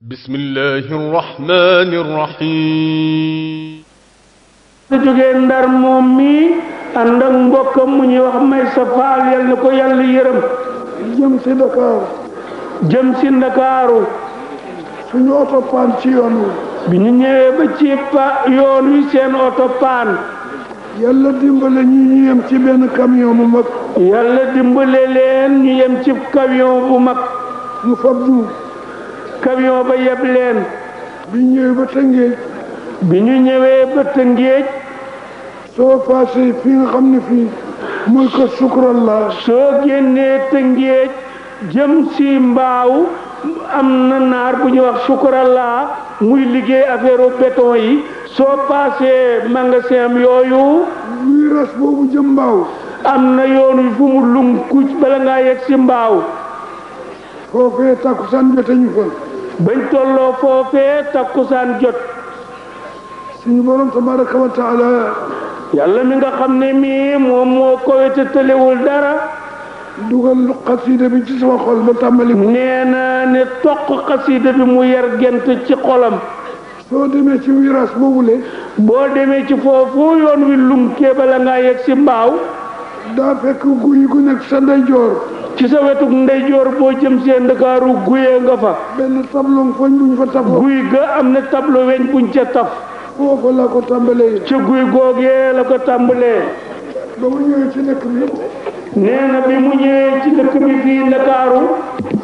bismillahi rahmaani rahiim su jógee ndar moom mii ànd ak mbokkam mu ñuy wax may sa faal yal na ko yàlla yërëm jëm si ndakaaru jëm si ndakaaru suñu oto ci yoon wi bi ñu ñëwee ba ci yoon wi seen oto yàlla dimbale ñu ñu yem ci benn camion bu mag yàlla dimbale leen ñu yem ci camion bu mag mu fab du camion ba yeb leen. bi ñu ñëwee ba Tëngéej. bi ñu ñëwee ba Tëngéej. soo paasee fi nga xam ne fii mooy ko sukkural la. soo génnee Tëngéej jëm si mbaaw am na naar bu ñuy wax sukkural la muy liggéey affaire béton yi. soo paasee magasin am yooyu. virage boobu jëm mbaaw. am na yoonu fu mu lum kuc bala ngaa yegg si mbaaw. foofee takkusaan jote ñu fa. bañ tolloo foofee takkusaan jot suñu borom tabaraka wa taala yàlla mi nga xam ne mii moom moo kowete tëlewul dara dugal xasida bi ci sama xol ma tàmbali nee na ne toq xasida bi mu yar gent ci xolam soo demee ci virage boobule boo demee ci foofu yoon wi lum kéebala ngaa yegg si mbaaw daa fekk guy gu nekk sa ndeyjoor ci sa wetuk ndeyjoor boo jëm seen ndakaaru guye nga fa benn tableau foñ buñ fa guy ga am na tableau weñ buñ ca taf foofu la ko tàmbalee ci guy googee la ko tàmbalee ba mu ñëwee bi mu ñëwee ci dëkk bi fii ndakaaru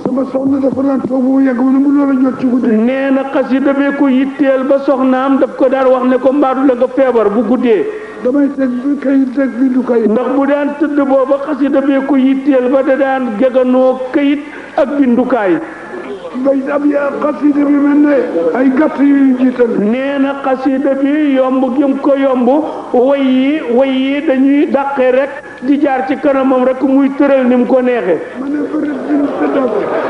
sama soxna dafa daan toog bu mu yàgg mu ne mu loola jot ci ko yitteel ba soxnaam daf ko daan wax ne ko mbaadu la nga feebar bu guddee damay tëgg kayit tëgg bi ndax mu daan tëdd booba xasida bee ko yitteel ba da daan jeganoo kayit ak bindukaay. bay ab ya xasida bi mel ne ay gàtt yu jiital. nee na xasida bi yomb gim ko yomb way yi dañuy dàqe rek di jaar ci kanamam rek muy tëral ni mu ko neexee.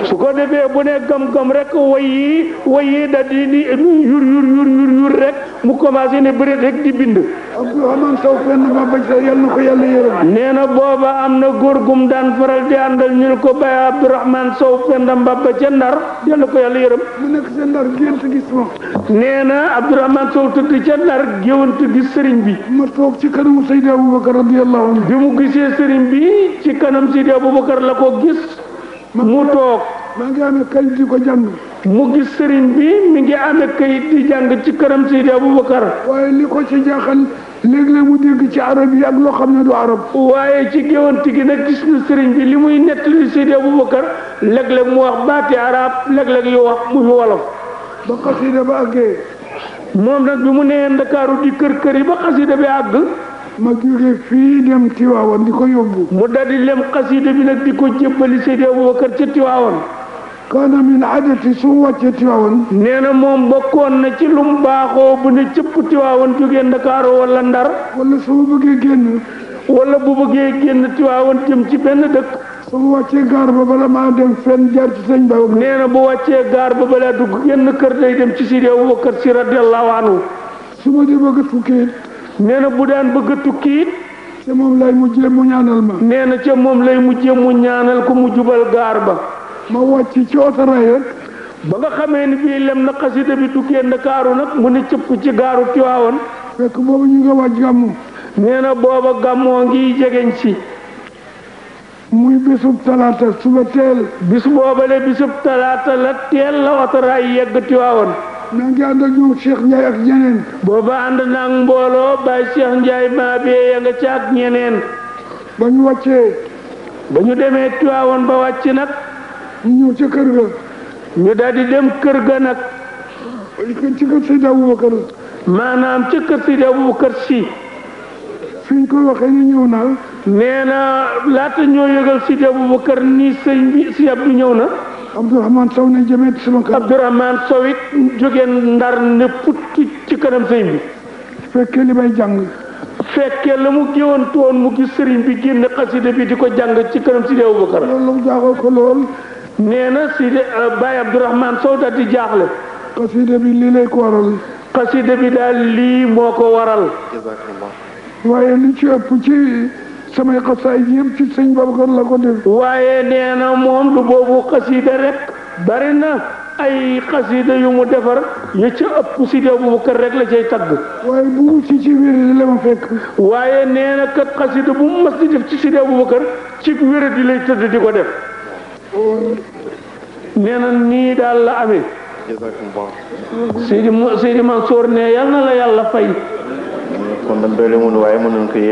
su ko defee bu ne gëm-gëm rek way yi way yi da di yur yur yur yur mu commencé ne bëri rek di bind. Abdourahmane yàlla na na booba am na góor gum daan faral di àndal ñun ne ko Baye Abdourahmane Sow fenn mbabba ca ndar yàlla ko yàlla yërëm. mu nekk ca tëdd ca ndar géwant gis sëriñ bi. ma toog ci kanamu Seydi Aboubacar radiyallahu anhu. bi mu gisee sëriñ bi ci kanam Seydi Aboubacar la ko gis. mu toog. maa ngi amee kayit di ko jàng. mu gis sëriñ bi mi ngi amee kayit di jàng ci këram Seydi Aboubacar. waaye li ko ci jaaxal léeg-léeg mu dégg ci arab yi ak loo xam ne du arab. waaye ci géwante gi nag na sëriñ bi li muy nettali Seydi Aboubacar léeg-léeg mu wax baati arab léeg-léeg yu wax muy wolof. ba xasida ba àggee. moom nag bi mu nee Ndakaaru di kër kër yi ba xasida bi àgg. ma jóge fii dem Tiwaawan di ko yóbbu. mu daldi lem xasida bi nag di ko jébbali Seydi Abubakar ca Tiwaawan. kaana min adati su wàccee Tiwaawan. nee na moom bokkoon na ci lu mu baaxoo bu ne cëpp Tiwaawan jógee Ndakaaro wala Ndar. wala su ma bëggee génn. wala bu bëggee génn Tiwaawan jëm ci benn dëkk. su ma wàccee gaar ba bala maa dem fenn jaar ci sëñ ba. nee na bu wàccee gaar ba balaa dugg genn kër day dem ci Seydi Abubakar Si radiyallahu anhu. su ma di bëgg tukki nee na bu daan bëgg a tukki it ca moom lay mujjee mu ñaanal ma nee ca moom lay mujjee mu ñaanal ko mu jubal gaar ba ma wàcc ci oto ray rek ba nga xamee ni bii lem na xasida bi tukkee ndakaaru nag mu ne cëpp ci gaaru Tiwaawan fekk boobu ñu nga wàcc gàmmu nee na booba gàmmoo ngi jegeñ si muy bisub talaata suba teel bis boobale bisub talaata la teel la oto ray yegg Tiwaawan na ngi ànd ak ñoom Cheikh ak ñeneen. booba ànd naa mbooloo Baye Cheikh Ndiaye maa bee ya nga ca ak ñeneen. ba ñu wàccee. ba ñu demee Tiwaawoon ba wàcc nag. ñu ñëw ca kër ga. ñu daldi dem kër ga nag. ci kër Seydi Aboubacar. maanaam ci kër Seydi Aboubacar si. fi ñu ko waxee ni ñëw naa. nee na laata ñoo yëgal Seydi Aboubacar nii sëñ bi Seydi Abdou ñëw na. Abdourahmane Sow ne jëmee sama kër. Abdourahmane Sow it jóge ndar ne putt ci kanam sëñ bi. fekkee li may jàng. fekkee la mu géwantu woon mu gis sëriñ bi génn xasida bi di ko jàng ci kanam Sidi Aboubacar. loolu ko lool. nee na Sidi euh, Baye Abdourahmane Sow daal di jaaxle. xasida bi lii lay ko waral. xasida bi daal lii moo ko waral. waaye li ci ëpp ci. samay xasaay yëpp ci sëñ Babacar la ko def waaye nee na moom du boobu xasida rek bari na ay xasida yu mu defar yu ca ëpp si dee bu kër rek la cay tagg waaye bu mu ci ci wéradi la ma fekk waaye nee kat xasida bu mas di def ci si dee bu kër ci wéradi lay tëdd di ko def nee na nii daal la amee Seydi Seydi Mansour ne yal na la yàlla fay kon nag doyle wuñu waaye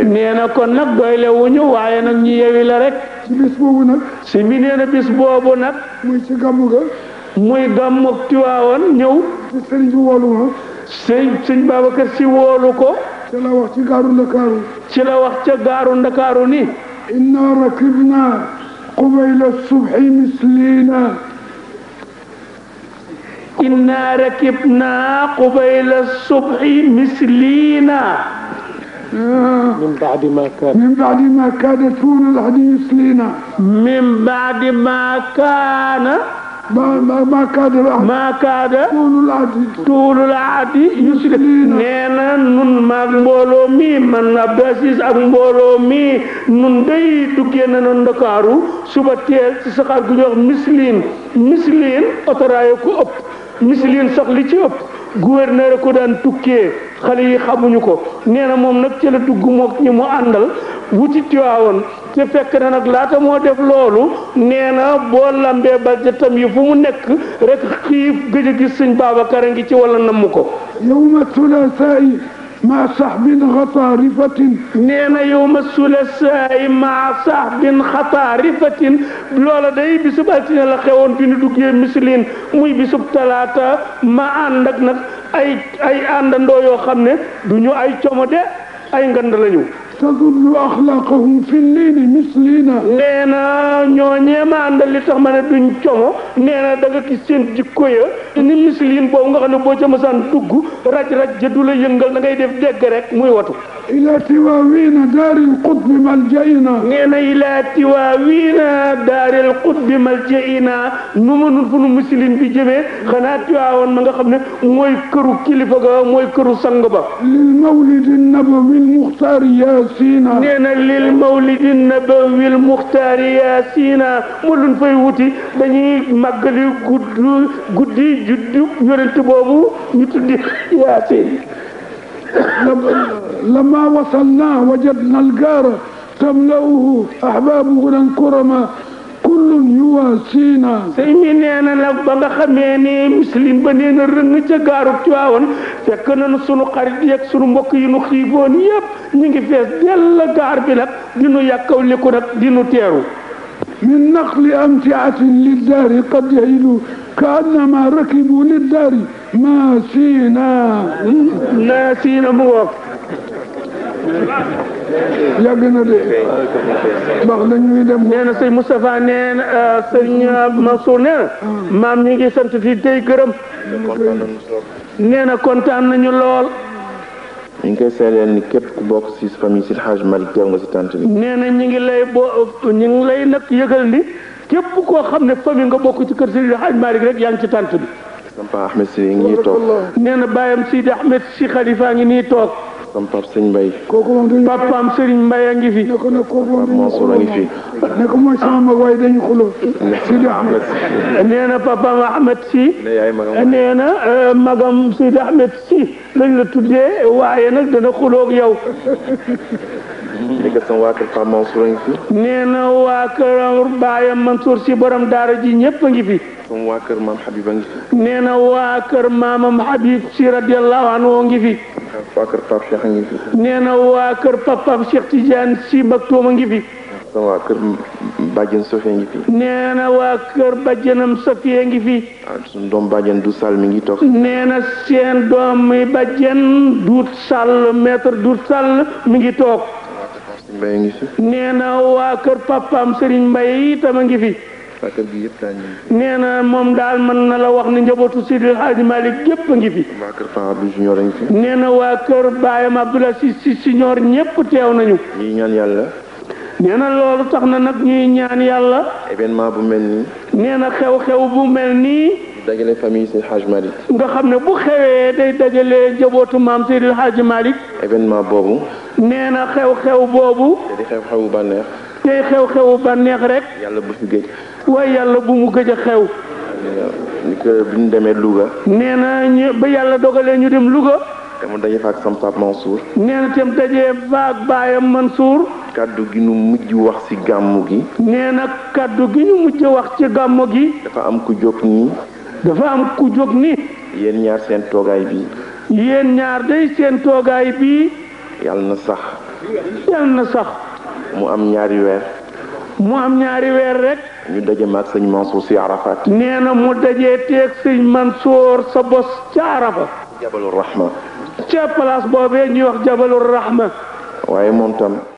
mën na kon nag doyle wuñu waaye nag ñu yeewi la rek. ci bis boobu nag. si mi nee na bis muy ci gàmmu ga. muy gàmmu Tiwaawan ñëw. sëriñ bi woolu ma. sëñ si woolu ko. ci la wax ci gaaru ndakaaru. la wax ca gaaru ndakaaru ni. inna rakibna qubayla subhi mislina inna rakibna qubayla subhi mislina من بعد ما كان من بعد ما كان تون الحديث لنا من بعد ما كان ما ما ما كاد ما كاد tuulul aadi tuulul aadi yusli nee na nun maag mbooloo mi man Abdou Aziz ak mbooloo mi nun day duggee na noon Ndakaaru suba teel ci saxaar gu ñuy wax misliin misliin otoraayo ko ëpp misilin sax li ci ëpp gouverneur ko daan tukkee xale yi xamuñu ko nee na moom nag ci la dugg mook ñi mu àndal wuti tiwaawoon te fekk na nag laata moo def loolu nee na boo lambee ba jëtam yi fu mu nekk rek xiif gëj gis sëñ Babacar a ngi ci wala namm ko yawma thulathaa'i maa sax bin xataarifatin nee na yow ma sulasaayi maa sax bin xataarifatin loola day bisub altine la xewoon bi nu duggee misilin muy bisub talaata ma ànd ak nag ay ay àndandoo yoo xam ne du ñu ay como de ay ngand lañu tadullu axlaaqahum fi liini misliina nee na ñooñee ma àndal li tax ma ne duñ como nee na da nga gis seen jikko ya ni misliin boobu nga xam ne boo ca masaan dugg raj-raj ja du la yëngal da ngay def dégg rek muy watu ilaa tiwaawiina daaril qutbi maljaina nee na ilaa tiwaawiina daaril qutbi maljaina nu mënul fu nu misliin bi jëmee xanaa tiwaawoon ma nga xam ne mooy këru kilifa ga mooy këru sang ba lil mawlidi al muxtaar سينا نينا للمولد النبوي المختار يا سينا مولن فاي ووتي داني ماغالي غودو غودي جودو يونت بوبو ني تودي ياسين لما وصلنا وجدنا الجار تملؤه احبابه كرما kullun yuwaasina sëñ bi nee na nag ba nga xamee ne muslim ba nee na rëng ca gaarub Tiwaawan fekk nañu sunu xarit yeeg sunu mbokk yi nu xiiboon yépp ñu ngi fees dell gaar bi nag di nu yàkkaw liku nag di nu teeru min naqli amtiatin liddaari qad yahilu kaannama rakibu liddaari maasina maasina mu ngoog yàgg na de ndax dañuy dem. nee na sëñ Moustapha nee na euh, sëñ euh, Mansour nee na maam ñu ngi sant di tey gërëm. nee na kontaan nañu lool. ñu koy seedeel ni képp ku bokk si famille si Hadj Malick teew nga si tànt bi. nee na ñu ngi lay boo ñu ngi lay nag ni képp koo xam ne famille nga bokk ci kër si Hadj Malick rek yaa ngi ci tànt bi. Samba Ahmed si ngi nii toog. nee na bàyyam Sidi Ahmed si Khalifa ngi nii toog. comme Pape Sëñ kooku moom du ngi fi. ne ko nag Ahmed si. nee na euh, magam Sidi Ahmed si lañ la tuddee waaye nag dana xuloo ak yow. léegi sama a ngi fi. nee si borom daara ji ñëpp a ngi fi. sama waa kër maam Habib si radiyallahu anhu fi. waa kër Pape Cheikh a ngi na waa kër Pape Cheikh Tidiane si Baktoum a ngi fi. waa kër Badiane Sofia ngi fi. nee na waa kër Badianam Sofia ngi fi. ah mi ngi toog. nee na seen doom mi Badiane Dout sàll maître Dout Sall mi ngi toog. nee na waa kër papaam Serigne Mbaye itam a ngi fi. waatam bi yëpp nee na moom daal man na la wax ni njabootu Seydi El Hadji Malick a ngi fi. waa kër fi. nee waa kër Baayam Abdoulaye Si Si Junior ñëpp teew nañu. ñuy ñaan yàlla. nee loolu tax na nag ñuy ñaan yàlla. événement bu mel nii. nee na xew-xew bu mel nii. dajale famille Seydi nga xam ne bu xewee day dajale njabootu maam Seydi Hadj Malick. événement boobu. nee na xew-xew boobu. di xew-xew bu tey xew-xewu bànneex rek. yàlla bu fi géej. waaye yàlla bu mu gëj a xew. ni ko bi ñu demee Louga. nee ñu ba yàlla dogalee ñu dem Louga. te mu daje fa ak sama papa Mansour. nee na te mu dajee fa ak baayam Mansour. kaddu gi nu mujj wax ci gàmmu gi. nee kàddu gi ñu mujj wax ci gàmmu gi. dafa am ku jóg nii. dafa am ku jóg nii. yéen ñaar seen toogaay bi. yéen ñaar day seen toogaay bi. yàlla na sax. yàlla na sax. mu am ñaari weer. mu am ñaari weer rek. ñu daje maag sëñ Mansour si Arafat. nee na mu dajee teeg sëñ Mansour sa bos ca Arafa. jabalu rahma. ca place boobee ñuy wax jabalu rahma. waaye moom